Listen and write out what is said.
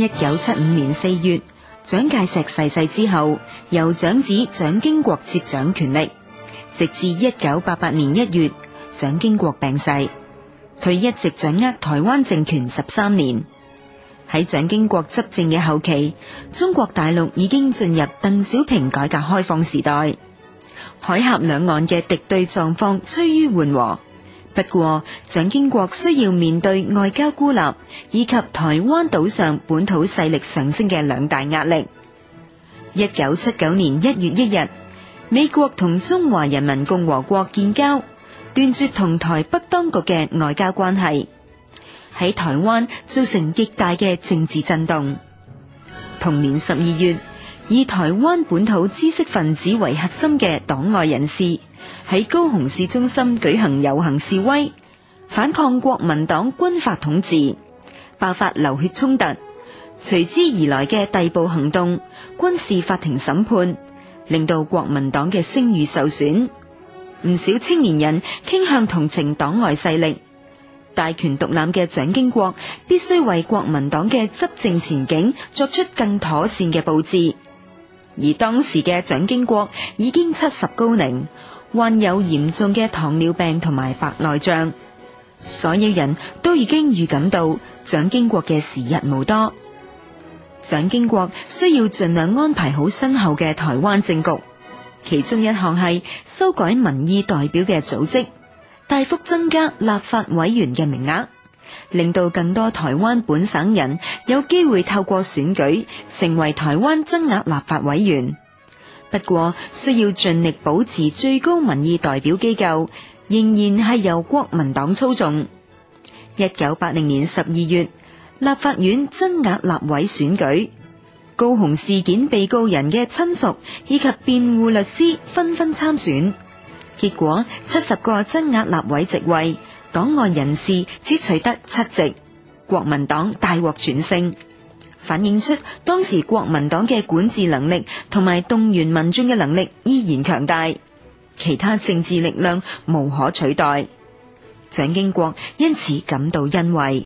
一九七五年四月，蔣介石逝世之後，由長子蔣經國接掌權力，直至一九八八年一月，蔣經國病逝。佢一直掌握台灣政權十三年。喺蔣經國執政嘅後期，中國大陸已經進入鄧小平改革開放時代，海峽兩岸嘅敵對狀況趨於緩和。不過，蔣經國需要面對外交孤立以及台灣島上本土勢力上升嘅兩大壓力。一九七九年一月一日，美國同中華人民共和國建交，斷絕同台北當局嘅外交關係，喺台灣造成極大嘅政治震動。同年十二月，以台灣本土知識分子為核心嘅黨外人士，喺高雄市中心舉行遊行示威，反抗國民黨軍法統治，爆發流血衝突，隨之而來嘅逮捕行動、軍事法庭審判，令到國民黨嘅聲譽受損。唔少青年人傾向同情黨外勢力，大權獨攬嘅蔣經國必須為國民黨嘅執政前景作出更妥善嘅佈置。而當時嘅蔣經國已經七十高齡。患有嚴重嘅糖尿病同埋白內障，所有人都已經預感到蔣經國嘅時日無多。蔣經國需要盡量安排好身後嘅台灣政局，其中一項係修改民意代表嘅組織，大幅增加立法委員嘅名額，令到更多台灣本省人有機會透過選舉成為台灣增額立法委員。不過需要盡力保持最高民意代表機構仍然係由國民黨操縱。一九八零年十二月，立法院增額立委選舉，高雄事件被告人嘅親屬以及辯護律師紛紛參選，結果七十個增額立委席位，黨外人士只取得七席，國民黨大獲全勝。反映出當時國民黨嘅管治能力同埋動員民眾嘅能力依然強大，其他政治力量無可取代。蔣經國因此感到欣慰。